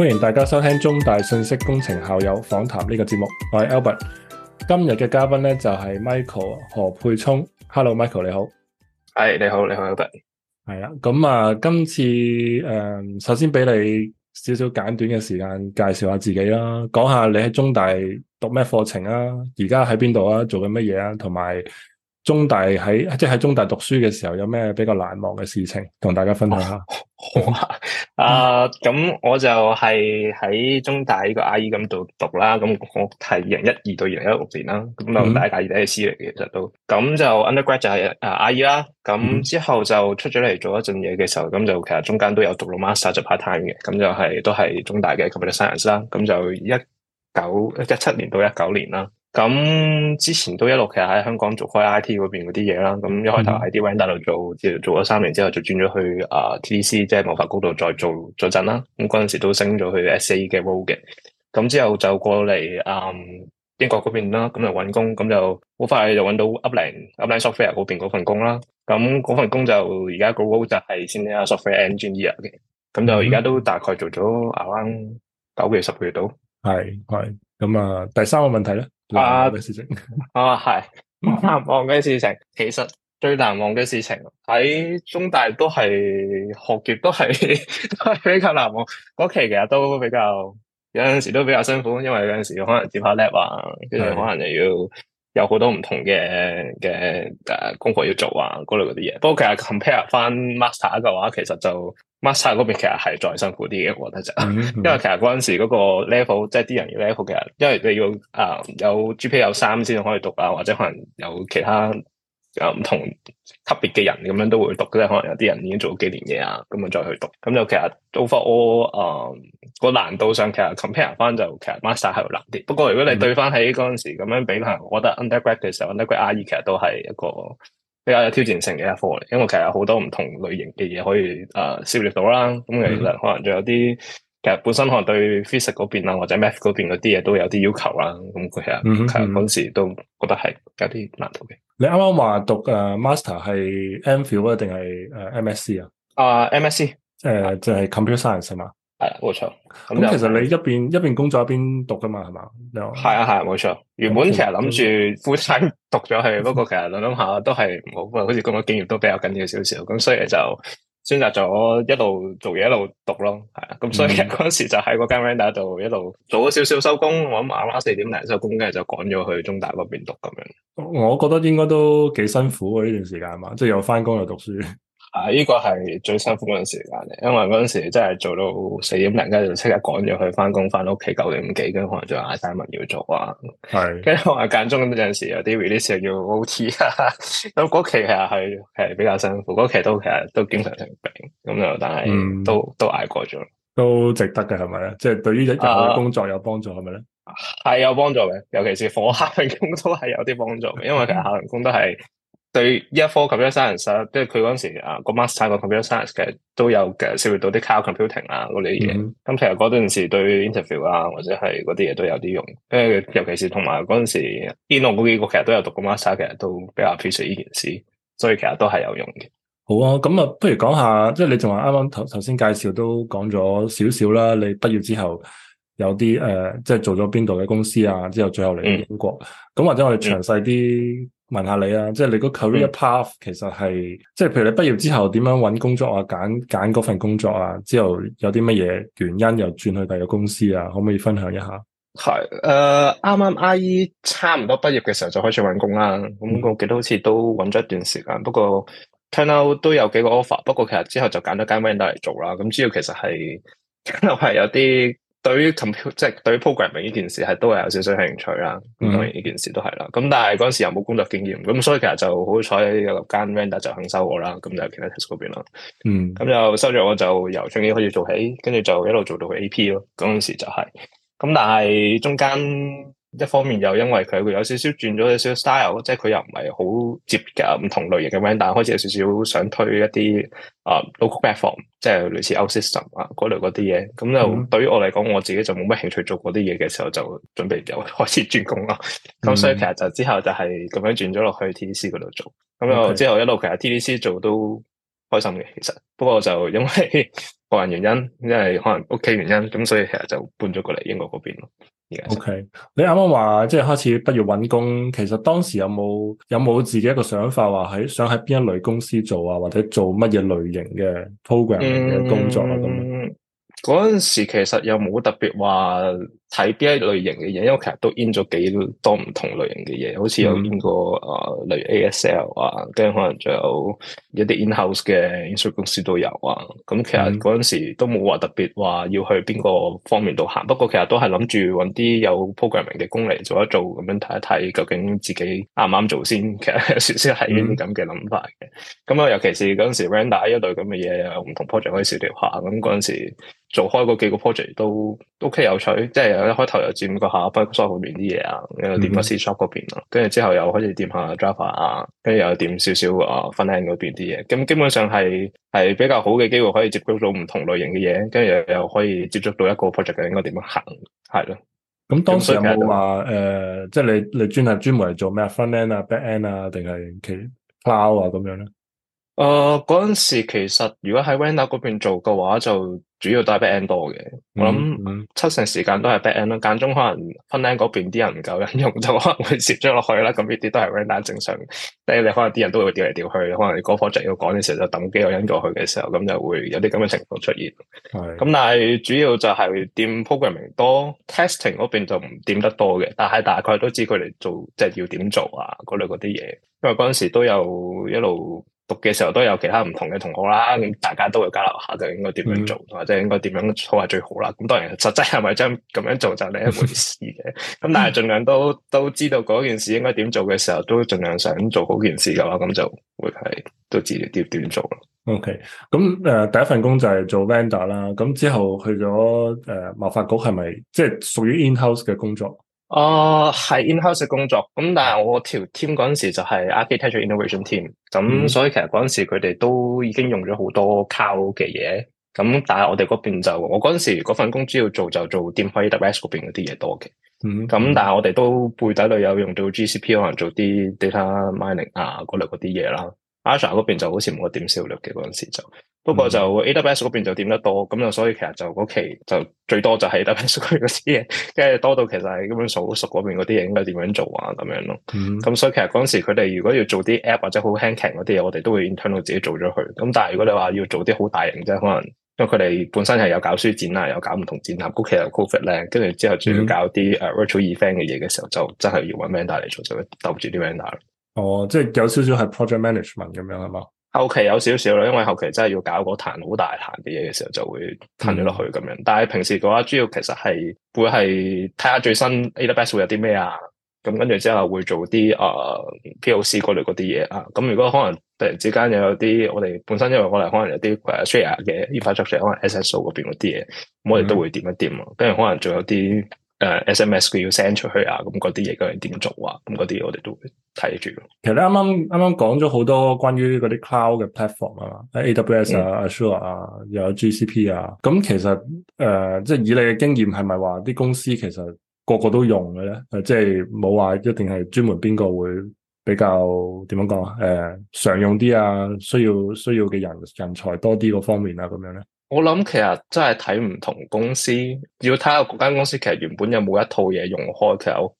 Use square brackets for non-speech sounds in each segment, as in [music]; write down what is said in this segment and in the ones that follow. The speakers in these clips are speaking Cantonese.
歡迎大家收聽中大信息工程校友訪談呢個節目，我係 Albert，今日嘅嘉賓咧就係、是、Michael 何沛聰，Hello Michael 你好，Hi，你好你好 Albert，係啦，咁啊今次誒、嗯、首先俾你少少簡短嘅時間介紹下自己啦，講下你喺中大讀咩課程啊，而家喺邊度啊，做緊乜嘢啊，同埋。中大喺即係喺中大讀書嘅時候，有咩比較難忘嘅事情，同大家分享下。好、哦哦、 [laughs] 啊，咁我就係喺中大呢個阿姨 IE 咁度讀啦，咁我係二零一二到二零一六年啦，咁都係大二嘅嚟嘅。其實都咁就 undergrad、er、就係啊 IE 啦，咁之後就出咗嚟做一陣嘢嘅時候，咁就其實中間都有讀到 master part 就 part time 嘅，咁就係都係中大嘅 computer science 啦，咁就一九一七年到一九年啦。咁之前都一路其實喺香港做開 IT 嗰邊嗰啲嘢啦，咁一開頭喺啲 vendor 度做，做做咗三年之後就轉咗去啊 TDC 即係魔法高度再做咗陣啦。咁嗰陣時都升咗去 S A 嘅 role 嘅。咁之後就過嚟、嗯、英國嗰邊啦，咁就揾工，咁就好快就揾到 Upland Upland software 嗰邊嗰份工啦。咁嗰份工就而家個 role 就係 Senior software engineer 嘅。咁就而家都大概做咗 around 九個月十個月度。係係，咁啊第三個問題咧。情啊！事、啊。啊係，難忘嘅事情，其實最難忘嘅事情喺中大都係學業都， [laughs] 都係都係比較難忘嗰期，其實都比較有陣時都比較辛苦，因為有陣時可能接下 lab 啊，跟住可能又要。有好多唔同嘅嘅誒功課要做啊，嗰類嗰啲嘢。不過其實 compare 翻 master 嘅話，其實就 master 嗰邊其實係再辛苦啲嘅，我覺得就，mm hmm. 因為其實嗰陣時嗰個 level，即係啲人要 level 嘅，因為你要誒、呃、有 GP 有三先可以讀啊，或者可能有其他。有唔、啊、同級別嘅人咁樣都會讀嘅，即可能有啲人已經做咗幾年嘢啊，咁樣再去讀，咁就其實 overall 誒個難度上其實 compare 翻，就其實 master 係難啲。不過如果你對翻喺嗰陣時咁樣比，可能、mm hmm. 我覺得 undergrad 嘅時候 undergrad RE 其實都係一個比較有挑戰性嘅一科嚟，因為其實有好多唔同類型嘅嘢可以誒涉獵到啦。咁其實可能仲有啲。其實本身可能對 physics 嗰邊啊，或者 math 嗰邊嗰啲嘢都有啲要求啦。咁佢啊，嗯嗯、其實嗰時都覺得係有啲難度嘅。你啱啱話讀誒 master 係 MPhil 啊，定係誒 MSC 啊？啊，MSC 誒就係、即係、computer science 啊嘛。係啦，冇錯。咁、嗯、其實你一邊一邊工作一邊讀噶嘛，係嘛？係啊，係冇、啊、錯。原本其實諗住 full-time 讀咗去，不過 [laughs] 其實諗諗下都係冇，因為好似工作經驗都比較緊要少少。咁所以就。 [laughs] 選擇咗一路做嘢，一路讀咯，係啊，咁所以嗰時就喺嗰間 van 度，一路做咗少少收工，我諗晚晚四點零收工，跟住就趕咗去中大嗰邊讀咁樣。我覺得應該都幾辛苦啊，呢段時間嘛，即係又翻工又讀書。啊！呢、這個係最辛苦嗰陣時間嚟，因為嗰陣時真係做到四點零，跟住即刻趕咗去翻工，翻到屋企九點幾，跟住可能就嗌晒文要做是 OT，啊。係，跟住我間中有陣時有啲 release 又要 O T 啊。咁嗰期其實係係比較辛苦，嗰期都其實都，都經常性病咁就但係都、嗯、都捱過咗，都值得嘅係咪咧？即係對於日後嘅工作有幫助係咪咧？係、啊、有幫助嘅、啊，尤其是火下份工都係有啲幫助嘅， [laughs] 因為其實下份工都係。 [laughs] 對，依一科 computer science，即係佢嗰陣時啊個 master 個 computer science 其實都有嘅涉獵到啲 cloud computing 啊嗰啲嘢，咁、嗯嗯、其實嗰陣時對 interview 啊或者係嗰啲嘢都有啲用，因為尤其是同埋嗰陣時 IE 嗰幾個其實都有讀過 master，其實都比較 appreciate 呢件事，所以其實都係有用嘅。好啊，咁啊不如講下，即係你仲話啱啱頭頭先介紹都講咗少少啦，你畢業之後。有啲誒、呃，即係做咗邊度嘅公司啊，之後最後嚟英國。咁、嗯、或者我哋詳細啲問下你啊，嗯、即係你個 career path 其實係，嗯、即係譬如你畢業之後點樣揾工作啊，揀揀嗰份工作啊，之後有啲乜嘢原因又轉去第二個公司啊，可唔可以分享一下？係誒，啱、呃、啱 IE 差唔多畢業嘅時候就開始揾工啦。咁、嗯、我記得好似都揾咗一段時間，不過 turn out 都有幾個 offer，不過其實之後就揀咗間 vendor 嚟做啦。咁主要其實係，又係有啲。對於 computer 即係對於 programming 呢件事係都係有少少興趣啦，咁當然呢件事都係啦。咁但係嗰陣時又冇工作經驗，咁所以其實就好彩有間 render 就肯收我啦，咁就其他 test 嗰邊啦。嗯，咁就收咗我就由最屘開始做起，跟住就一路做到去 AP 咯。嗰陣時就係、是，咁但係中間。一方面又因為佢有少少轉咗少少 style，即係佢又唔係好接近唔同類型嘅 brand，開始有少少想推一啲啊、呃、local platform，即係類似 outsystem 啊嗰類嗰啲嘢。咁就、嗯、對於我嚟講，我自己就冇乜興趣做嗰啲嘢嘅時候，就準備又開始轉工啦。咁、嗯、 [laughs] 所以其實就之後就係咁樣轉咗落去 TDC 嗰度做。咁又之後一路其實 TDC 做都。開心嘅其實，不過就因為 [laughs] 個人原因，因為可能屋企原因，咁所以其實就搬咗過嚟英國嗰邊咯。Okay，你啱啱話即係開始畢業搵工，其實當時有冇有冇自己一個想法，話喺想喺邊一類公司做啊？或者做乜嘢類型嘅 program 嘅工作咁、啊？嗰陣、嗯、時其實又冇特別話。睇邊一類型嘅嘢，因為其實都 in 咗幾多唔同類型嘅嘢，好似、嗯、有邊個誒，例如 A.S.L. 啊，跟住可能仲有一啲 in-house 嘅 insurance 公司都有啊。咁、嗯、其實嗰陣時都冇話特別話要去邊個方面度行，嗯、不過其實都係諗住揾啲有 programming 嘅工嚟做一做，咁樣睇一睇究竟自己啱唔啱做先。其實有少少係呢啲咁嘅諗法嘅。咁、嗯、啊，尤其是嗰陣時 render 一類咁嘅嘢，有唔同 project 可以協調下。咁嗰陣時做開嗰幾個 project 都。O.K. 有趣，即係一開頭又占唔個下 backshop 邊啲嘢啊，又點個 C# 嗰邊啊，跟住之後又開始點下 Java 啊，跟住又點少少啊 frontend 嗰邊啲嘢，咁基本上係係比較好嘅機會，可以接觸到唔同類型嘅嘢，跟住又又可以接觸到一個 project 應該點樣行係咯。咁當時有冇話誒，即係你你專係專門嚟做咩啊 frontend 啊 backend 啊，定係其 cloud 啊咁樣咧？誒、啊，嗰陣、呃、時其實如果喺 Wanda 嗰邊做嘅話就。主要都係 backend 多嘅，嗯嗯、我諗七成時間都係 backend 咯，間中可能 frontend 嗰邊啲人唔夠人用就可能接咗落去啦。咁呢啲都係 run 得正常。第二你可能啲人都會調嚟調去，可能嗰 project 要趕嘅時候，就等幾個人過去嘅時候，咁就會有啲咁嘅情況出現。咁是但係主要就係點 programming 多，testing 嗰邊就唔點得多嘅。但係大概都知佢哋做即係、就是、要點做啊，嗰類嗰啲嘢。因為嗰陣時都有一路。讀嘅時候都有其他唔同嘅同學啦，咁、嗯、大家都會交流下，就應該點樣做，嗯、或者應該點樣做係最好啦。咁當然實際係咪真咁樣做就另一回事嘅。咁 [laughs] 但係盡量都都知道嗰件事應該點做嘅時候，都盡量想做好件事嘅話，咁就會係都知道點點做啦。OK，咁誒、呃、第一份工就係做 vendor 啦，咁之後去咗誒貿發局係咪即係屬於 in house 嘅工作？啊，係、uh, in-house 嘅工作，咁但係我條 team 嗰陣時就係 architecture innovation team，咁所以其實嗰陣時佢哋都已經用咗好多 cloud 嘅嘢，咁但係我哋嗰邊就我嗰陣時嗰份工主要做就做店 departmental 嗰邊嗰啲嘢多嘅，咁但係我哋都背底裏有用到 GCP 可能做啲 data mining 啊嗰類嗰啲嘢啦。Azure 嗰邊就好似冇點銷率嘅，嗰陣時就，不過就 AWS 嗰邊就點得多，咁就所以其實就嗰期就最多就係 AWS 嗰 [laughs] 啲嘢，跟住多到其實係本樣好熟嗰邊嗰啲嘢應該點樣做啊咁樣咯。咁、嗯、所以其實嗰陣時佢哋如果要做啲 app 或者好 handy 嗰啲嘢，我哋都會 intern 到自己做咗去。咁但係如果你話要做啲好大型啫，可能因為佢哋本身係有搞書展啊，有搞唔同展覽，估其又 COVID 咧，跟住之後仲要搞啲 virtual event 嘅嘢嘅時候，嗯、就真係要揾 vendor 嚟做，就鬥住啲 vendor 哦，oh, 即係有少少係 project management 咁樣係嘛？後期、okay, 有少少啦，因為後期真係要搞個壇好大壇嘅嘢嘅時候，就會彈咗落去咁樣。嗯、但係平時嘅話，主要其實係會係睇下最新 Adbest 會有啲咩啊，咁跟住之後會做啲誒 POC 嗰類嗰啲嘢啊。咁如果可能突然之間又有啲，我哋本身因為我哋可能有啲誒、e、share 嘅呢批作者，可能 SSO 嗰邊嗰啲嘢，咁我哋都會掂一掂啊。跟住可能仲有啲。誒、uh, SMS 佢要 send 出去啊，咁嗰啲嘢究竟點做啊？咁嗰啲我哋都會睇住。其實咧，啱啱啱啱講咗好多關於嗰啲 cloud 嘅 platform 啊嘛，喺 AWS 啊、嗯、Azure 啊，又有 GCP 啊。咁其實誒，即、呃、係、就是、以你嘅經驗，係咪話啲公司其實個個都用嘅咧？即係冇話一定係專門邊個會比較點樣講啊？誒、呃，常用啲啊，需要需要嘅人人才多啲嗰方面啊，咁樣咧。我諗其實真係睇唔同公司，要睇下嗰間公司其實原本有冇一套嘢用開頭，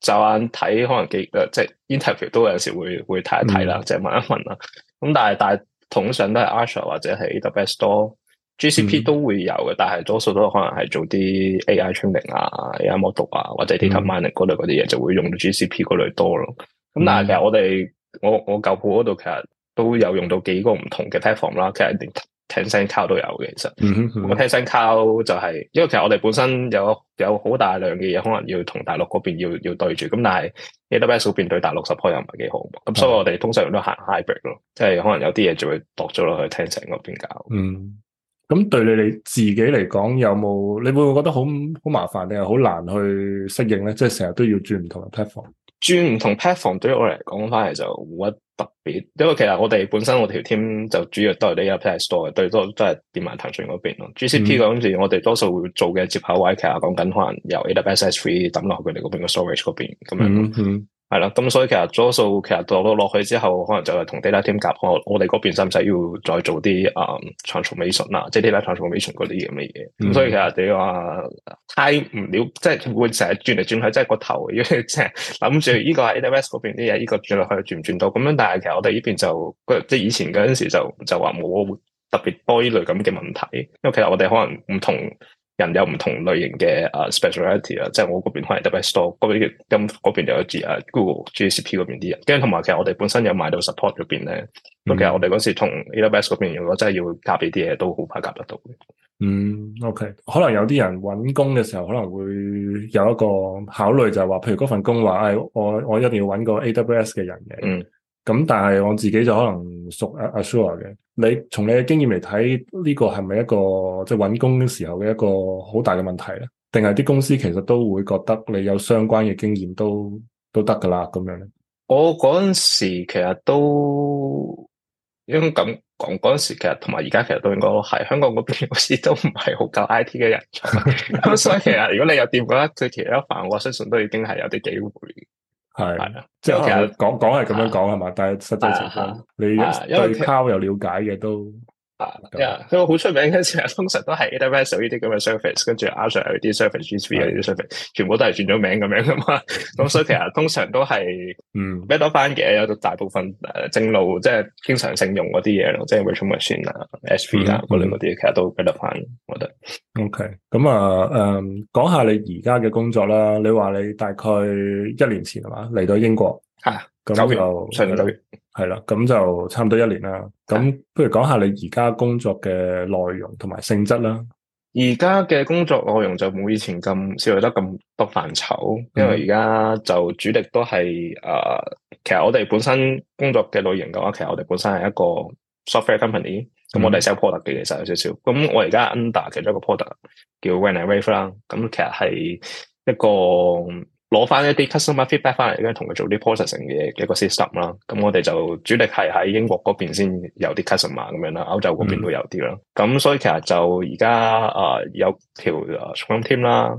就眼睇可能幾誒、呃，即係 interview 都有時會會睇一睇啦，就、嗯、問一問啦。咁但係通常都係 Azure 或者係 AWS，GCP、嗯、都會有嘅。但係多數都可能係做啲 AI training 啊、AI model 啊，啊，啊，啊，啊或者 data mining 嗰、嗯、類嗰啲嘢，就會用到 GCP 嗰類多咯。咁但係其實我哋我我舊鋪嗰度其實都有用到幾個唔同嘅 platform 啦，即係。Tencent Cloud 都有嘅，其實我 Tencent Cloud 就係、是、因為其實我哋本身有有好大量嘅嘢，可能要同大陸嗰邊要要對住咁，但係 AWS 嗰邊對大陸 support 又唔係幾好咁、mm hmm. 所以我哋通常都行 hybrid 咯，即係可能有啲嘢就會度咗落去 Tencent 嗰邊搞。嗯，咁對你哋自己嚟講有冇你會唔會覺得好好麻煩定係好難去適應咧？即係成日都要轉唔同嘅 platform。轉唔同 pat l f o r m 對於我嚟講，反而就冇乜特別，因為其實我哋本身我條 team 就主要都係啲 apps store，對都、嗯、多都係電埋騰訊嗰邊咯。GCP 嗰陣時，我哋多數做嘅接口位，其啊，講緊可能由 A W S S 三抌落佢哋嗰邊個 storage 嗰邊咁樣。嗯嗯係啦，咁所以其實多數其實落到落去之後，可能就係同 data t 夾，我哋嗰邊使唔使要再做啲 t o 誒傳輸尾順啊，即係 data 傳輸尾順嗰啲咁嘅嘢。咁所以其實你話太唔了，即係會成日轉嚟轉去，即係個頭，即係諗住呢個係 AWS 嗰邊啲嘢，呢個轉落去轉唔轉到。咁樣，但係其實我哋呢邊就即係以前嗰陣時就就話冇特別多呢類咁嘅問題，因為其實我哋可能唔同。人有唔同類型嘅啊、uh，speciality 啊，即係我嗰邊可能特別多嗰邊，咁嗰邊有住啊 Google GCP 嗰邊啲人，跟住同埋其實我哋本身有買到 support 嗰邊咧，咁、嗯、其實我哋嗰時同 AWS 嗰邊如果真係要夾俾啲嘢，都好快夾得到嘅。嗯，OK，可能有啲人搵工嘅時候，可能會有一個考慮就係話，譬如嗰份工話，誒、哎，我我一定要搵個 AWS 嘅人嘅。嗯。咁但係我自己就可能熟啊 Azure 嘅。你從你嘅經驗嚟睇，呢、這個係咪一個即係揾工嘅時候嘅一個好大嘅問題咧？定係啲公司其實都會覺得你有相關嘅經驗都都得噶啦咁樣咧？我嗰陣時其實都應該咁講嗰陣時，其實同埋而家其實都應該係香港嗰邊好似都唔係好夠 I T 嘅人，咁 [laughs] [laughs] 所以其實如果你有掂過，覺得對其他行我相信都已經係有啲機會。係，即係其實講講係咁樣講係嘛，但係實際情況，啊啊、你對 cow 有了解嘅都。啊，yeah, 嗯、因為佢好出名嘅時候，通常都係 AWS 做呢啲咁嘅 service，跟住 Azure 有啲 service，GCP 是有啲 service，全部都係轉咗名咁樣噶嘛。咁 [laughs] [laughs] 所以其實通常都係嗯，比較多翻嘅。有大部分誒正路，即係經常性用嗰啲嘢咯，即係 Virtual Machine 啦 S3 啦，嗰啲嗰啲，其實都比較多翻。我覺得 okay。OK，咁啊，誒，講下你而家嘅工作啦。你話你大概一年前係嘛嚟到英國。係。啊九月上個月係啦，咁就差唔多一年啦。咁不如講下你而家工作嘅內容同埋性質啦。而家嘅工作內容就冇以前咁涉及得咁多範疇，因為而家就主力都係誒、呃，其實我哋本身工作嘅類型嘅話，其實我哋本身係一個 software company，咁我哋 sell product 嘅，其實有少少。咁我而家 under 其中一個 product 叫 Rant and Rave 啦。咁其實係一個。攞翻一啲 customer feedback 翻嚟咧，同佢做啲 processing 嘅嘅一個 system 啦。咁我哋就主力係喺英國嗰邊，先有啲 customer 咁樣啦，歐洲嗰邊會有啲啦。咁所以其實就而家啊有條誒 squad team 啦。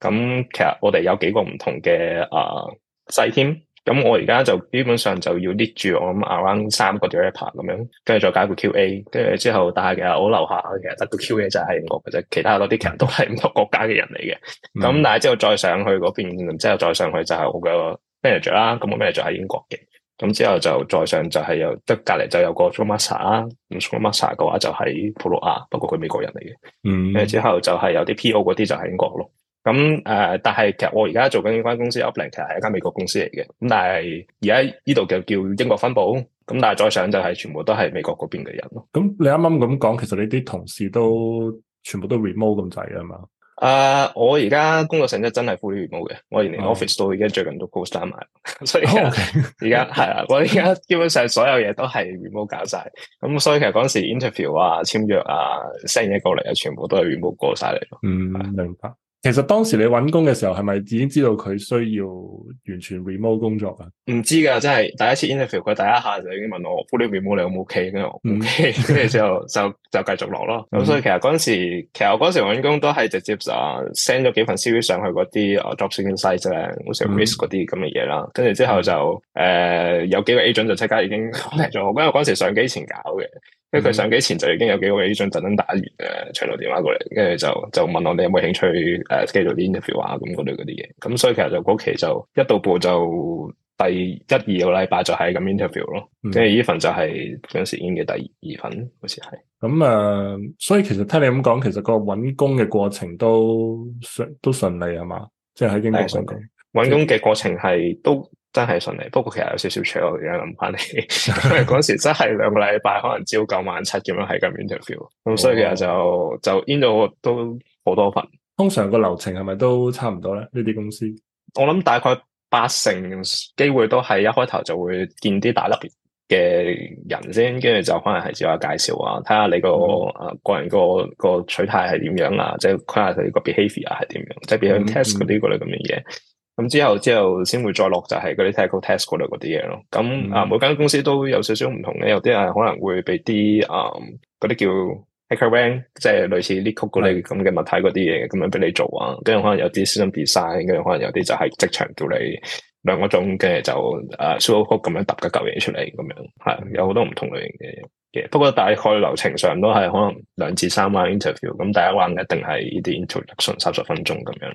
咁其實我哋有幾個唔同嘅啊細 team。咁我而家就基本上就要捏住我咁 around 三個 director 咁樣，跟住再加一個 QA，跟住之後但係其實我樓下其實得個 QA 就係英國嘅啫，其他嗰啲其實都係唔同國家嘅人嚟嘅。咁、嗯、但係之後再上去嗰邊，之後再上去就係我嘅 manager 啦。咁我 manager 喺英國嘅。咁之後就再上就係有得隔籬就有個 Thomas 啦。咁 Thomas 嘅話就喺葡萄牙，不過佢美國人嚟嘅。咁、嗯、之後就係有啲 PO 嗰啲就喺英國咯。咁誒、嗯，但係其實我而家做緊呢間公司，Upland 其實係一間美國公司嚟嘅。咁但係而家呢度就叫英國分部。咁但係再上就係全部都係美國嗰邊嘅人咯。咁、嗯、你啱啱咁講，其實你啲同事都全部都 remote 咁滯啊嘛。誒、呃，我而家工作性質真係 full remote 嘅。我連 office 都，都已經最近都 close down 埋，所以而家係啦。我而家基本上所有嘢都係 remote 搞晒。咁、嗯、所以其實嗰陣時 interview 啊、簽約啊、send 嘢過嚟啊，全部都係 remote rem 過晒嚟咯。嗯，明白。 [noise] 其實當時你揾工嘅時候，係咪已經知道佢需要完全 remote 工作啊？唔知噶，真係第一次 interview，佢第一下就已經問我，fully remote 你有冇 ok？跟住我 ok，跟住之後就 [laughs] 就繼續落咯。咁、嗯、所以其實嗰陣時，其實我嗰陣時揾工都係直接啊 send 咗幾份 cv 上去嗰啲啊 job seeking sites 咧，好似 risk 嗰啲咁嘅嘢啦。跟住、嗯、之後就誒、嗯、有幾個 agent 就即刻已經 contact 咗我，因為嗰陣時上機前搞嘅。因住佢上幾前就已經有幾個微信特登打完嘅長途電話過嚟，跟住就就問我哋有冇興趣誒 l、呃、e 啲 interview 啊咁嗰類嗰啲嘢，咁所以其實就嗰期就一到步就第一二個禮拜就係咁 interview 咯，跟住呢份就係嗰陣時已經嘅第二份，好似係。咁誒、呃，所以其實聽你咁講，其實個搵工嘅過程都順都順利係嘛？即係喺英國上工，搵、嗯、工嘅過程係即都。真係順利，不過其實有少少 challenge，我而家諗翻起，因為嗰時真係兩個禮拜，可能朝九晚七咁樣喺咁 interview，咁、哦、所以其實就就 in 咗都好多份。通常個流程係咪都差唔多咧？呢啲公司，我諗大概八成機會都係一開頭就會見啲大粒嘅人先，跟住就可能係做下介紹啊，睇下你個誒、哦、個人個個取態係點樣啊，即係睇下佢個 behavior 係點樣，即係比如 test 嗰啲咁樣嘢。咁之後之後先會再落就係嗰啲 technical test 嗰度嗰啲嘢咯。咁、嗯嗯、啊，每間公司都有少少唔同咧。有啲人可能會俾啲啊嗰啲叫 HackerRank、啊啊、即係類似 LeetCode 嗰啲咁嘅物體嗰啲嘢，咁、嗯、樣俾你做啊。跟住可能有啲 system design，跟住可能有啲就係即場叫你兩個鐘嘅就啊 show off 咁樣揼嚿嘢出嚟咁樣。係有好多唔同類型嘅嘢，不過大概流程上都係可能兩至三 round interview。咁第一 round 一定係呢啲 introduction 三十分鐘咁樣。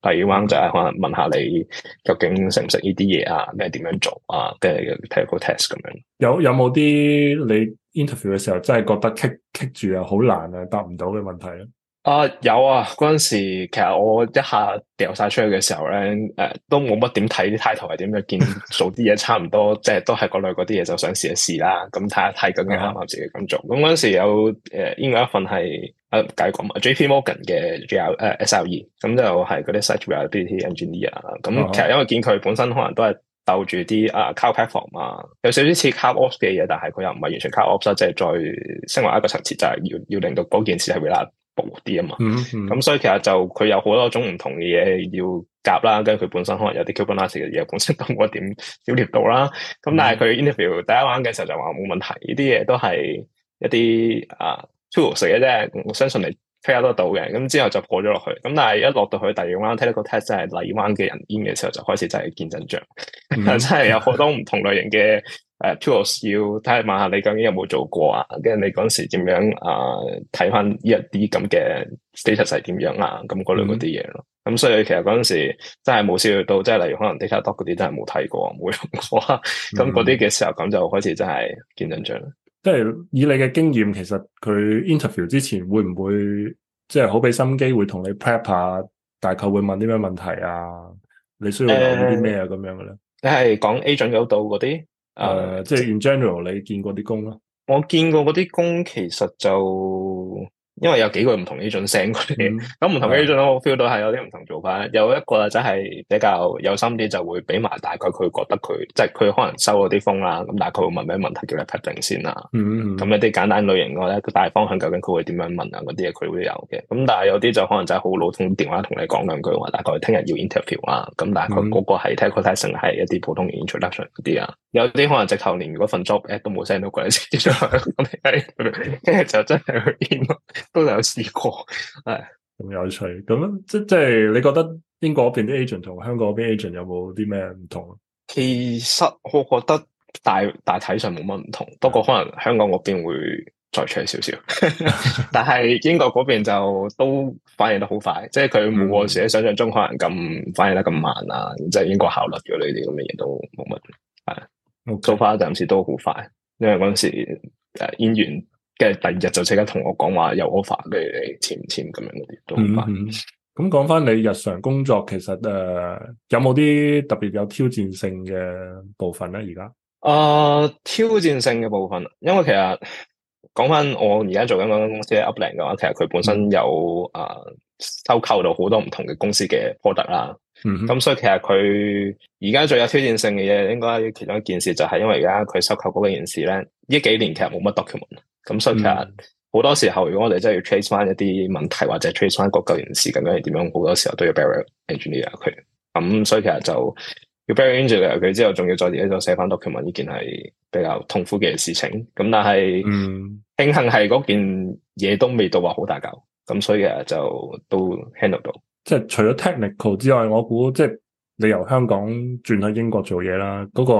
第二 round 就係可能問下你究竟識唔識呢啲嘢啊？咩點樣做啊？即係睇個 test 咁樣。有有冇啲你 interview 嘅時候真係覺得棘棘住啊，好難啊，答唔到嘅問題咧？啊、uh，有啊！嗰陣時其實我一下掉晒出去嘅時候咧，誒、呃、都冇乜點睇啲 title 係點嘅，見做啲嘢差唔多，即係都係嗰類嗰啲嘢，就想試一試啦，咁睇下睇究竟啱唔合適嘅咁做。咁嗰陣時有誒另外一份係啊唔介意講，JP Morgan 嘅叫 SRE，咁就係嗰啲 site reliability engineer 啊。咁、啊啊、其實因為見佢本身可能都係鬥住啲啊 cloud platform 啊，有少少似 cloud ops 嘅嘢，但係佢又唔係完全 cloud ops 即、啊、係、就是、再升華一個層次，就係、是、要要令到嗰件事係 reliable。啲啊嘛，咁所以其實就佢有好多種唔同嘅嘢要夾啦，跟住佢本身可能有啲 Kubernetes 嘅嘢本身都冇一點小力度啦，咁但係佢 interview 第一 round 嘅時候就話冇問題，呢啲嘢都係一啲啊 tools 嚟嘅啫，我相信你 f a i r 得到嘅，咁之後就過咗落去，咁但係一落到去第二 round 睇到個 test 係荔灣嘅人 in 嘅時候，就開始就係見真章，真係有好多唔同類型嘅。誒，tools 要睇下問下你究竟有冇做過啊？跟住你嗰陣時點樣啊？呃，睇翻一啲咁嘅 status 係點樣啊？咁嗰類嗰啲嘢咯。咁所以其實嗰陣時真係冇涉及到，即係例如可能 data doc 嗰啲真係冇睇過，冇用過啊。咁嗰啲嘅時候，嗯、咁就開始真係見增長。即係以你嘅經驗，其實佢 interview 之前會唔會即係好俾心機會同你 prep 下？大概會問啲咩問題啊？你需要諗啲咩啊？嗯、咁樣嘅咧？你係講 agent 角度嗰啲？誒，uh, 即係 in general，你見過啲工啦？我見過嗰啲工其實就因為有幾個唔同 agent send 過嚟，咁唔同嘅 agent 我 feel 到係有啲唔同做法。有一個咧就係比較有心啲，就會俾埋大概佢覺得佢即係佢可能收咗啲風啦，咁大概會問咩問題叫你 r e 先啦。咁、嗯嗯、一啲簡單類型嘅咧，佢大方向究竟佢會點樣問啊？嗰啲嘢佢會有嘅。咁但係有啲就可能就係好老土，電話同你講兩句話，大概聽日要 interview 啊。咁大概嗰個係 t e l e 係一啲普通嘅 introduction 嗰啲啊。有啲可能直頭連嗰份 job app 都冇 send 到過你先，跟住就真係去 email，都有試過，係，好有趣。咁即即係你覺得英國嗰邊啲 agent 同香港嗰邊 agent 有冇啲咩唔同啊？其實我覺得大大體上冇乜唔同，不過可能香港嗰邊會再長少少，但係英國嗰邊就都反應得好快，即係佢冇我自己想象中可能咁、嗯、反應得咁慢啊，即係英國效率咗呢啲咁嘅嘢都冇乜，係。做翻暫時都好快，因為嗰時誒，演員跟住第二日就即刻同我講話有 offer 如你簽唔簽咁樣，嗰啲都好快。咁講翻你日常工作，其實誒、呃、有冇啲特別有挑戰性嘅部分咧？而家啊，挑戰性嘅部分，因為其實講翻我而家做緊嗰間公司咧，Upland 嘅話，嗯、其實佢本身有誒、呃、收購到好多唔同嘅公司嘅 product 啦。咁、嗯、所以其實佢而家最有挑戰性嘅嘢，應該其中一件事就係因為而家佢收購嗰件事咧，呢幾年其實冇乜 document。咁所以其實好多時候，如果我哋真係要 trace 翻一啲問題，或者 trace 翻嗰舊件事咁樣係點樣，好多時候都要 reverse engineer 佢。咁所以其實就要 reverse engineer 佢之後，仲要再自己寫翻 document，呢件係比較痛苦嘅事情。咁但係慶、嗯、幸係嗰件嘢都未到話好大舊，咁所以其實就都 handle 到。即係除咗 technical 之外，我估即係你由香港轉去英國做嘢啦，嗰個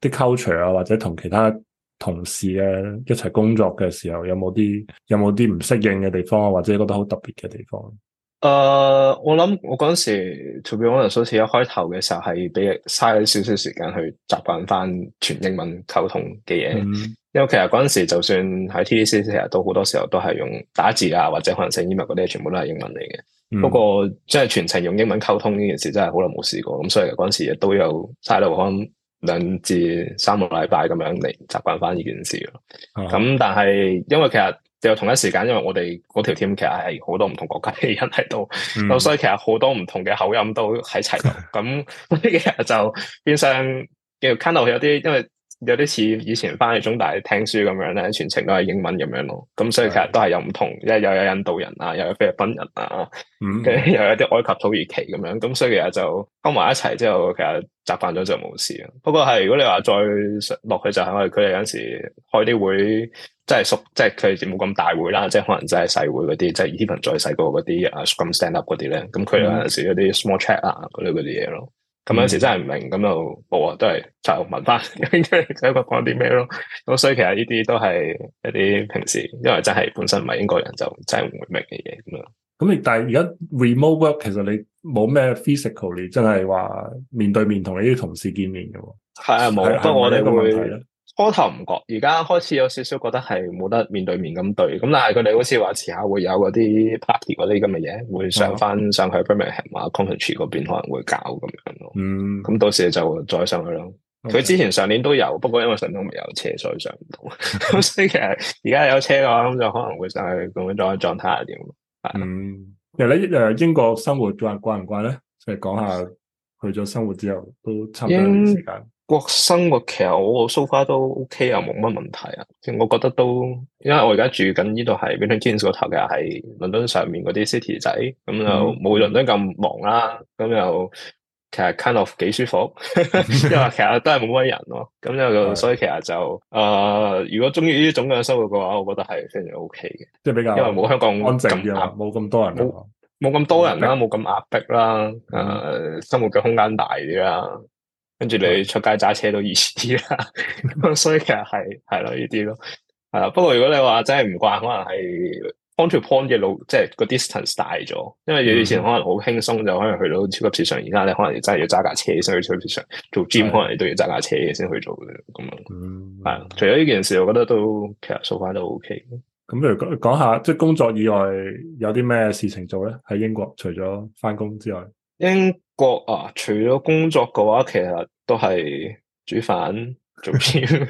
啲 culture 啊，或者同其他同事啊一齊工作嘅時候，有冇啲有冇啲唔適應嘅地方啊，或者覺得好特別嘅地方？誒、呃，我諗我嗰陣時，To be honest，好似一開頭嘅時候係俾嘥少少時間去習慣翻全英文溝通嘅嘢，嗯、因為其實嗰陣時就算喺 T D C 其實都好多時候都係用打字啊，或者可能寫英文嗰啲，全部都係英文嚟嘅。不過，即係、嗯、全程用英文溝通呢件事真係好耐冇試過，咁所以嗰陣時亦都有嘥到可能兩至三個禮拜咁樣嚟習慣翻呢件事咯。咁、啊、但係因為其實有同一時間，因為我哋嗰條 team 其實係好多唔同國家嘅人喺度，咁、嗯、 [laughs] 所以其實好多唔同嘅口音都喺齊度。咁呢幾日就變相個 channel 有啲因為。有啲似以前翻去中大聽書咁樣咧，全程都係英文咁樣咯。咁所以其實都係有唔同，即係又有印度人啊，又有菲律賓人啊，跟又、嗯、有啲埃及土耳其咁樣。咁所以其實就溝埋一齊之後，其實習慣咗就冇事咯。不過係如果你話再落去就係我哋佢哋有時開啲會，即係縮，即係佢哋冇咁大會啦，即係可能真係細會嗰啲，即係 even 再細過嗰啲啊 Scrum Stand Up 嗰啲咧。咁佢哋有時有啲 small chat 啊，嗰啲啲嘢咯。咁有陣時真係唔明，咁就冇啊，都係就問返，應該係想講啲咩咯。咁所以其實呢啲都係一啲平時，因為真係本身唔係英國人，就真係唔會明嘅嘢，咁樣。咁但係而家 remote work，其實你冇咩 physical，你真係話面對面同你啲同事見面嘅喎。係啊，冇。係咪，係咪一個問題呢？不過我哋會。開頭唔覺，而家開始有少少覺得係冇得面對面咁，對，咁但係佢哋好似話遲下會有嗰啲 party 嗰啲咁嘅嘢，會上翻上去 p r a v e h m a d 嘛，Country 嗰邊可能會搞咁樣咯。嗯，咁到時就會再上去咯。佢 Okay. 之前上年都有，不過，因為上年未有車，所以上唔到。咁所以其實而家有車嘅話，咁就可能會上去咁樣。狀，狀態係點？嗯，又咧誒，英國生活慣唔慣咧？即係講下去咗生活之後都差唔多時間。國生活其實我 so far 都 OK 啊，冇乜問題啊。我覺得都，因為我而家住緊呢度係 London Kings 嗰頭嘅，喺倫、mm hmm. 敦上面嗰啲 city 仔，咁就冇倫敦咁忙啦。咁又其實 kind of 幾舒服， [laughs] 因為其實都係冇乜人咯。咁又 [laughs] 所以其實就誒、呃，如果中意呢種嘅生活嘅話，我覺得係非常 OK 嘅，即係比較因為冇香港咁壓，冇咁多人，冇咁多人啦，冇咁壓迫啦，誒、呃，生活嘅空間大啲啦。跟住你出街揸車都易啲啦，咁 [laughs] 所以其實係係咯呢啲咯，係啦。不過如果你話真係唔慣，可能係 point to point 嘅路，即係個 distance 大咗。因為以前可能好輕鬆就可能去到超級市場，而家你可能真係要揸架車去超級市場做 gym，可能你都要揸架車先去做嘅咁啊。係的、嗯、啊，除咗呢件事，我覺得都其實數翻都 OK。咁譬如講講下，即係工作以外有啲咩事情做咧？喺英國除咗翻工之外，英。我啊，除咗工作嘅話，其實都係煮飯、做片， [laughs]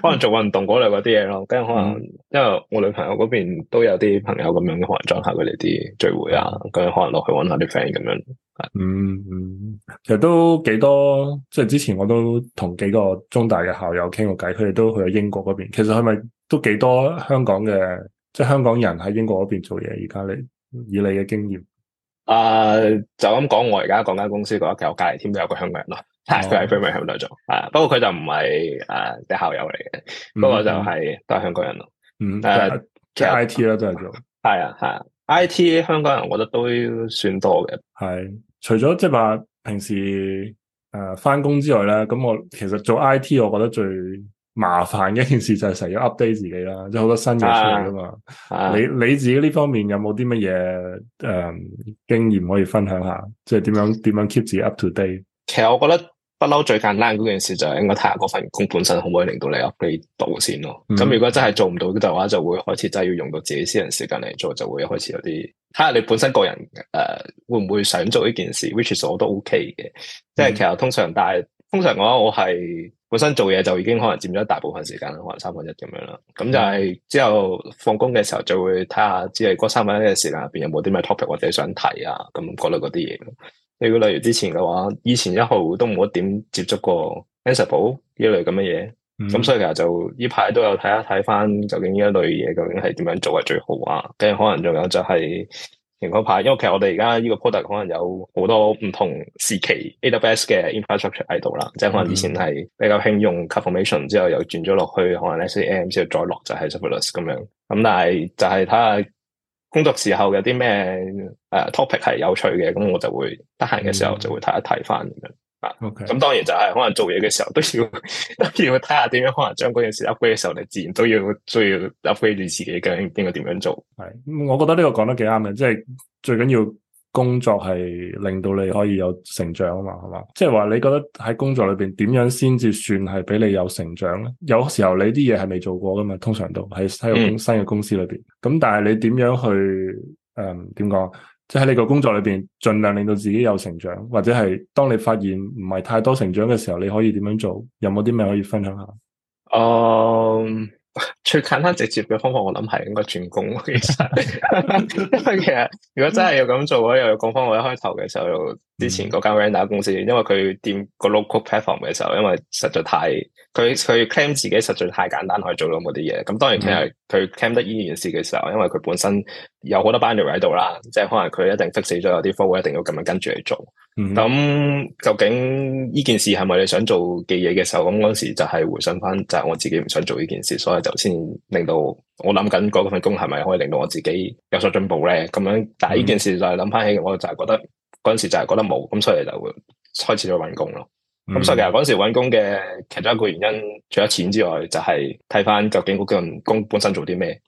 可能做運動嗰類嗰啲嘢咯。跟住可能，因為我女朋友嗰邊都有啲朋友咁樣，可能 join 下佢哋啲聚會啊。咁樣可能落去搵下啲 friend 咁樣嗯。嗯，其實都幾多。即係之前我都同幾個中大嘅校友傾過偈，佢哋都去咗英國嗰邊。其實係咪都幾多香港嘅，即係香港人喺英國嗰邊做嘢？而家你以你嘅經驗。誒，uh, 就咁講，我而家講間公司嗰個我隔籬，添都有個香港人咯，係佢喺香港做，係不過佢就唔係誒啲校友嚟嘅，不過就係都係香港人咯。嗯，但係即其實 I T 咧都係做，係啊係啊，I T 香港人我覺得都算多嘅。係，除咗即係話平時誒翻工之外咧，咁我其實做 I T，我覺得最。麻煩一件事就係成日 update 自己啦，即係好多新嘢、啊、出嚟噶嘛。啊、你你自己呢方面有冇啲乜嘢誒經驗可以分享下？即係點樣點樣 keep 自己 up to date？其實我覺得不嬲最簡單嗰件事就係應該睇下嗰份工本身可唔可以令到你 update 到先咯。咁、嗯、如果真係做唔到嘅話，就會開始真係要用到自己私人時間嚟做，就會一開始有啲睇下你本身個人誒、呃、會唔會想做呢件事，which is 我都 OK 嘅。即係、嗯、其實通常但係通常嘅話，我係。本身做嘢就已經可能佔咗大部分時間啦，可能三分一咁樣啦。咁就係之後放工嘅時候，就會睇下只係嗰三分一嘅時間入邊有冇啲咩 topic 或者想睇啊，咁嗰類嗰啲嘢咯。如果例如之前嘅話，以前一號都冇一點接觸過 Ansible 呢類咁嘅嘢，咁所以其實就呢排都有睇一睇翻，究竟呢一類嘢究竟係點樣做係最好啊。跟住可能仲有就係、是。前嗰排，因為其實我哋而家呢個 product 可能有好多唔同時期 AWS 嘅 infrastructure 喺度啦，即係可能以前係比較輕用 Confirmation，之後又轉咗落去可能 SCM 之後再落就係 service 咁樣。咁但係就係睇下工作時候有啲咩誒 topic 係有趣嘅，咁我就會得閒嘅時候就會睇一睇翻咁樣。嗯啊，咁 OK、嗯、當然就係、是、可能做嘢嘅時候都要，都要睇下點樣可能將嗰件事 upgrade 嘅時候，你自然都要需要 upgrade 住自己，究竟應該點樣做？係，我覺得呢個講得幾啱嘅，即、就、係、是、最緊要工作係令到你可以有成長啊嘛，係嘛？即係話你覺得喺工作裏邊點樣先至算係俾你有成長咧？有時候你啲嘢係未做過㗎嘛，通常都喺、嗯、新嘅新嘅公司裏邊，咁但係你點樣去，嗯，點講？即係喺你個工作裏邊，盡量令到自己有成長，或者係當你發現唔係太多成長嘅時候，你可以點樣做？有冇啲咩可以分享下？啊、um！最簡單直接嘅方法我，我諗係應該轉工。其實， [laughs] [laughs] 因為其實如果真係要咁做，嘅、嗯、又有講翻我一開頭嘅時候，之前嗰間 Render 公司，因為佢掂個 local platform 嘅時候，因為實在太佢佢 claim 自己實在太簡單可以做到嗰啲嘢。咁當然其實佢 claim 得呢件事嘅時候，因為佢本身有好多 boundary 喺度啦，即係可能佢一定 fix 死咗有啲 flow，一定要咁樣跟住去做。咁、嗯嗯、究竟呢件事係咪你想做嘅嘢嘅時候？咁嗰時就係回想翻，就係、是、我自己唔想做呢件事，所以就先。令到我諗緊嗰份工係咪可以令到我自己有所進步咧？咁樣，但係呢件事就係諗翻起，我就係覺得嗰陣時就係覺得冇，咁所以就會開始咗揾工咯。咁、嗯、所以其實嗰陣時揾工嘅其中一個原因，除咗錢之外，就係睇翻究竟嗰份工本身做啲咩。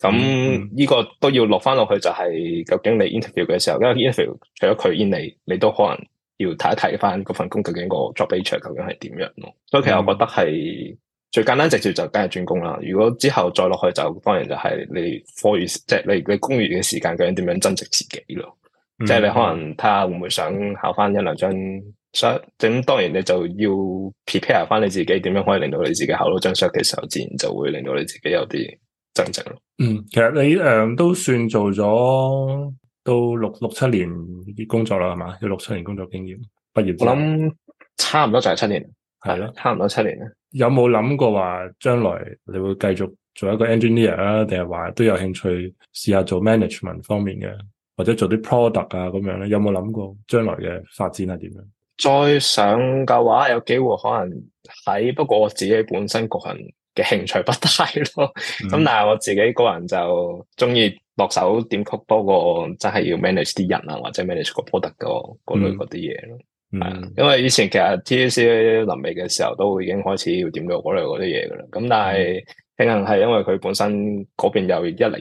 咁呢個都要落翻落去，就係究竟你 interview 嘅時候，因為 interview 除咗佢 in 你，你都可能要睇一睇翻嗰份工究竟個 job nature 究竟係點樣咯。所以其實我覺得係。嗯最簡單直接就梗係轉工啦。如果之後再落去就，當然就係你科餘，即、就、係、是、你你公餘嘅時間，究竟點樣增值自己咯？嗯、即係你可能睇下會唔會想考翻一兩張 shut，咁當然你就要 prepare 翻你自己，點樣可以令到你自己考到張 shut 嘅時候，自然就會令到你自己有啲增值咯。嗯，其實你誒、嗯、都算做咗到六六七年啲工作啦，係嘛？要六七年工作經驗，畢業我諗差唔多就係七年。係咯，差唔多七年啦。有冇諗過話將來你會繼續做一個 engineer 啊，定係話都有興趣試下做 management 方面嘅，或者做啲 product 啊咁樣咧？有冇諗過將來嘅發展係點樣？再想嘅話，有機會可能喺，不過我自己本身個人嘅興趣不大咯。咁、嗯、 [laughs] 但係我自己個人就中意落手點曲多過真係要 manage 啲人啊，或者 manage 個 product 個、啊、嗰類嗰啲嘢咯。嗯係，嗯、因為以前其實 TAC 喺臨尾嘅時候都已經開始要點到嗰類嗰啲嘢噶啦。咁但係慶幸係因為佢本身嗰邊又一嚟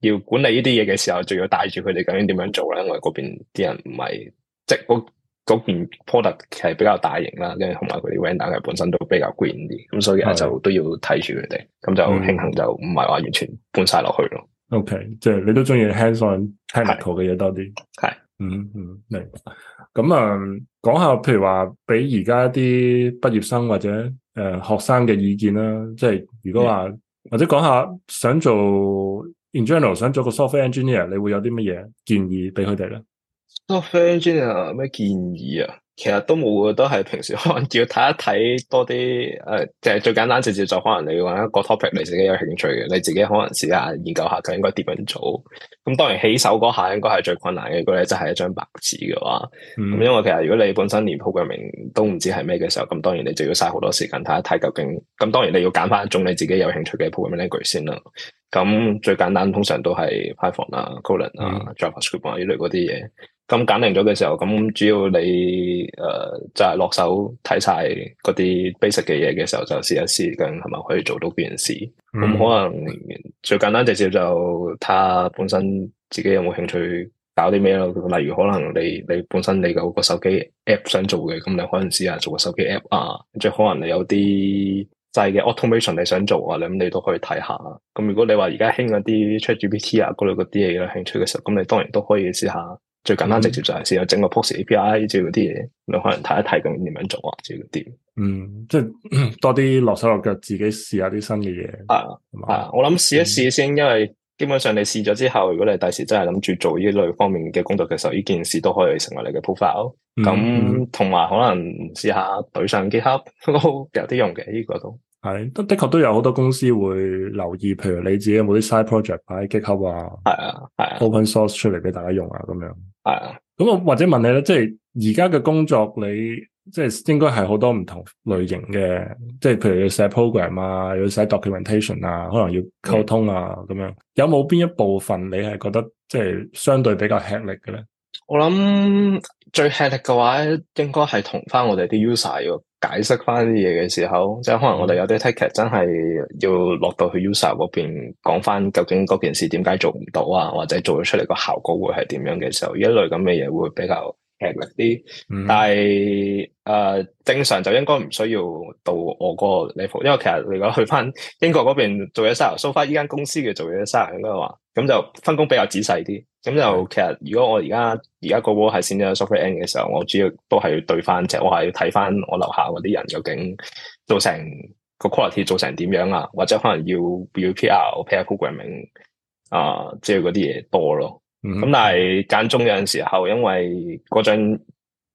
要要管理呢啲嘢嘅時候，仲要帶住佢哋究竟點樣做咧。因為嗰邊啲人唔係即係嗰嗰邊 product 係比較大型啦，跟住同埋佢哋 vendor 嘅本身都比較 green 啲，咁所以就都要睇住佢哋，咁的就慶幸就唔係話完全搬晒落去咯。嗯、o、okay，K，即係你都中意 hands on 嘅嘢多啲。係、嗯，嗯嗯，明白。咁啊。Uh，講下，譬如話俾而家啲畢業生或者誒、呃、學生嘅意見啦，即係如果話或者講下想做 in general 想做個 software engineer，你會有啲乜嘢建議俾佢哋咧？software engineer 咩建議啊？其實都冇，都係平時可能要睇一睇多啲，誒、呃，就係、是、最簡單直接就可能你搵一個 topic 你自己有興趣嘅，你自己可能試下研究下佢應該點樣做。咁當然起手嗰下應該係最困難嘅一個咧，就係一張白紙嘅話，咁因為其實如果你本身連 programming 都唔知係咩嘅時候，咁當然你就要嘥好多時間睇一睇究竟。咁當然你要揀翻一種你自己有興趣嘅 programming language 先啦。咁最簡單通常都係 Python、嗯、啊、Golang 啊、JavaScript 啊，呢類嗰啲嘢。咁揀定咗嘅時候，咁主要你誒、呃、就係、是、落手睇晒嗰啲 basic 嘅嘢嘅時候，就試一試，咁係咪可以做到件事？咁、嗯、可能最簡單直接就，睇下本身自己有冇興趣搞啲咩咯。例如可能你你本身你有個手機 app 想做嘅，咁你可能試下做個手機 app 啊。即可能你有啲細嘅 automation 你想做啊，咁你都可以睇下。咁如果你話而家興嗰啲 Chat GPT 啊，嗰類嗰啲嘢咧，興趣嘅時候，咁你當然都可以試下。最簡單直接就係試下整個 Post API 之類嗰啲嘢，咁可能睇一睇咁點樣做啊，之類嗰啲。嗯，即係多啲落手落腳自己試下啲新嘅嘢。啊吧啊，我諗試一試先，因為基本上你試咗之後，如果你第時真係諗住做呢類方面嘅工作嘅時候，呢件事都可以成為你嘅 profile。咁同埋可能試下對上結合都 [laughs] 有啲用嘅呢個都。係，都的確都有好多公司會留意，譬如你自己有冇啲 side project 擺喺 GitHub 啊，係啊，係啊，open source 出嚟俾大家用啊，咁樣，係啊。咁我或者問你咧，即係而家嘅工作你，你即係應該係好多唔同類型嘅，即係譬如要寫 program 啊，要寫 documentation 啊，可能要溝通啊，咁、啊、樣，有冇邊一部分你係覺得即係相對比較吃力嘅咧？我諗最吃力嘅話應該，應該係同翻我哋啲 user 解釋翻啲嘢嘅時候，即係可能我哋有啲 ticket 真係要落到去 user 嗰邊講翻，究竟嗰件事點解做唔到啊，或者做咗出嚟個效果會係點樣嘅時候，呢一類咁嘅嘢會比較吃力啲。嗯、但係誒、呃，正常就應該唔需要到我個 level，因為其實你如果去翻英國嗰邊做嘢，三 head sofa 呢間公司嘅做嘢三 head 應該話，咁就分工比較仔細啲。咁就、嗯、其實如果我而家而家個 wall 係先喺 software end 嘅時候，我主要都係要對翻即係，我係要睇翻我樓下啲人究竟做成個 quality 做成點樣啊，或者可能要要 PR、pair programming 啊，即係啲嘢多咯。咁、嗯、但係間中有陣時候，因為張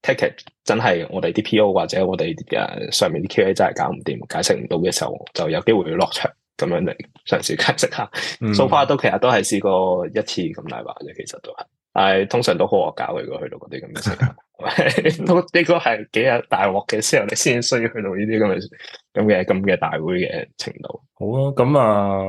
ticket 真係我哋啲 PO 或者我哋誒上面啲 QA 真係搞唔掂、解釋唔到嘅時候，就有機會要落場。咁樣嚟嘗試解釋下，So far 都其實都係試過一次咁大話啫，其實都係，但係通常都好惡搞嘅，如果去到嗰啲咁嘅，都 [laughs] [laughs] 應該係幾日大鑊嘅時候，你先需要去到呢啲咁嘅、咁嘅、咁嘅大會嘅程度。好啊，咁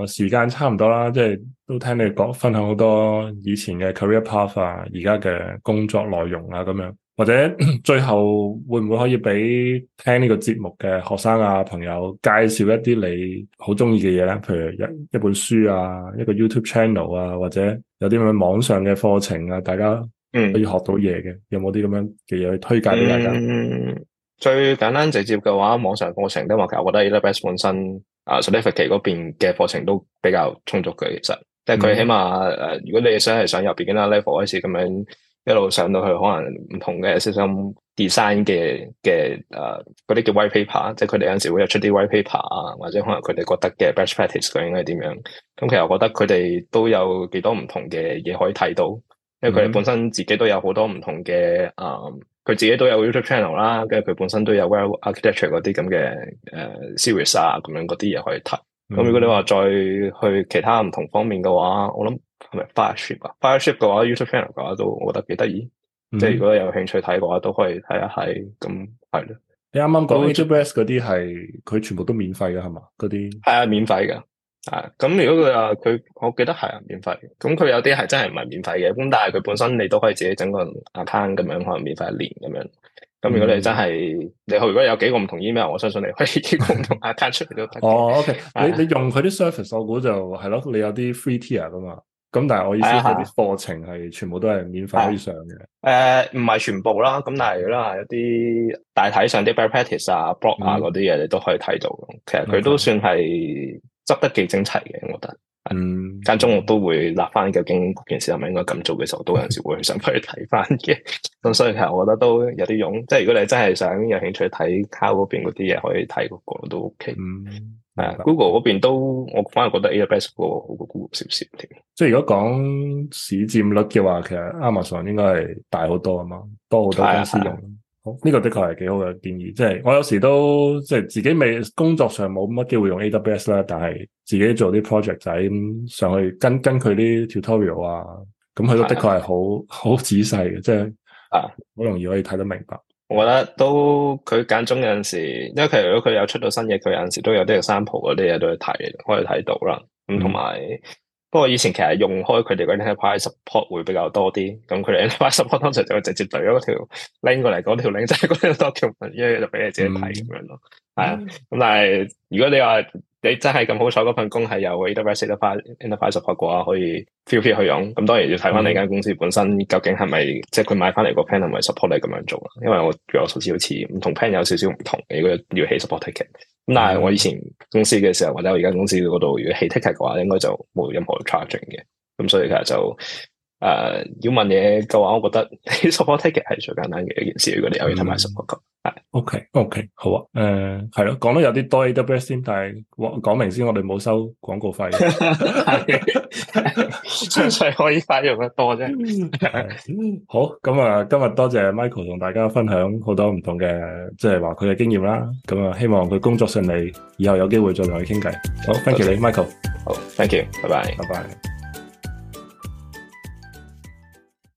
啊，時間差唔多啦，即係都聽你講分享好多以前嘅 career path 啊，而家嘅工作內容啊，咁樣。或者最後會唔會可以俾聽呢個節目嘅學生啊朋友，介紹一啲你好中意嘅嘢咧？譬如一一本書啊，一個 YouTube channel 啊，或者有啲咁樣網上嘅課程啊，大家嗯可以學到嘢嘅。嗯、有冇啲咁樣嘅嘢去推介俾大家、嗯嗯？最簡單直接嘅話，網上課程咧，我其實我覺得 Elevate 本身啊，Slevicky 嗰邊嘅課程都比較充足嘅，其實。但係佢起碼誒、嗯呃，如果你想係想入 Beginner level 開始咁樣。一路上到去，可能唔同嘅 system design 嘅嘅，誒，嗰、呃、啲叫 whitepaper，即係佢哋有陣時會有出啲 whitepaper 啊，或者可能佢哋覺得嘅 best practice 究竟係點樣？咁其實我覺得佢哋都有幾多唔同嘅嘢可以睇到，因為佢哋本身自己都有好多唔同嘅，誒、呃，佢自己都有 YouTube channel 啦，跟住佢本身都有 well architecture 嗰啲咁嘅，誒、呃、series 啊，咁樣嗰啲嘢可以睇。咁如果你話再去其他唔同方面嘅話，我諗。係咪 Fireship 啊？Fireship 嘅話 YouTube channel 嘅話都我覺得幾得意，嗯、即係如果有興趣睇嘅話都可以睇一睇。咁係咯，你啱啱講 YouTube based 嗰啲係佢全部都免費嘅係嘛？嗰啲係啊，免費嘅。係、啊、咁，如果佢啊，佢，我記得係啊，免費。咁佢有啲係真係唔係免費嘅。咁但係佢本身你都可以自己整個 account 咁樣可能免費一年咁樣。咁如果你真係、嗯、你去，如果有幾個唔同 email，我相信你可以幾個唔同 account 出嚟都得。 [laughs] 哦，OK，你你用佢啲 service 我估就係咯，你有啲 free [laughs] tier 噶嘛。咁但係我意思，特別、啊、課程係、啊、全部都係免費可以上嘅。誒唔係全部啦。咁但係啦，有啲大體上啲 bad practice 啊、block 啊啲嘢，你都可以睇到。嗯、其實佢都算係執 Okay. 得幾整齊嘅，我覺得。嗯，間中我都會立翻究竟件事係咪應該咁做嘅時候，都有陣時會想去睇翻嘅。咁 [laughs] [laughs] 所以其實我覺得都有啲用。即係如果你真係想有興趣睇，卡嗰邊嗰啲嘢可以睇嗰個都 OK。係 Google 嗰邊都，我反而覺得 AWS 個好過 Google 少少添。即係如果講市占率嘅話，其實亞馬遜應該係大好多啊嘛，多好多公司用。嗯嗯嗯呢、這個的確係幾好嘅建議，即係我有時都即係自己未工作上冇乜機會用 AWS 啦，但係自己做啲 project 仔上去跟跟佢啲 tutorial 啊，咁佢都的確係好好仔細嘅，嗯、即係啊，好容易可以睇得明白啊。我覺得都佢間中有陣時，因為其實如果佢有出到新嘢，佢有陣時都有啲 sample 嗰啲嘢都去睇，可以睇到啦。咁同埋。嗯不過以前其實用開佢哋嗰 Enterprise Support 會比較多啲，咁佢哋 Enterprise Support 當時就直接遞咗嗰條 link 過嚟，嗰條 link 就係嗰多條文，跟住就俾你自己睇咁樣咯。係啊、嗯，咁但係如果你話，你真係咁好彩，嗰份工係有 intermediate enterprise support 嘅話，可以 few few 去用。咁當然要睇翻你間公司本身究竟係咪，即係佢買翻嚟個 plan 係咪 support 你咁樣做啦。因為我我所知好似唔同 plan 有少少唔同，如果要起 support ticket，咁但係我以前公司嘅時候或者我而家公司嗰度，如果起 ticket 嘅話，應該就冇任何 charging 嘅。咁所以其實就。誒，uh, 要問嘢嘅話，我覺得 support ticket 係最簡單嘅一件事。如果你有嘢睇埋 support，係。O K，O K，好啊。誒、呃，係咯，講得有啲多 A W S 先，但係講明先，我哋冇收廣告費嘅，純粹 [laughs] [laughs] [laughs] 可以使用得多啫。 [laughs] [laughs] 好，咁啊，今日多謝 Michael 同大家分享好多唔同嘅，即係話佢嘅經驗啦。咁啊，希望佢工作順利，以後有機會再同佢傾偈。好 Okay.，thank you 你 Michael。好、okay.，thank you，拜拜，拜拜。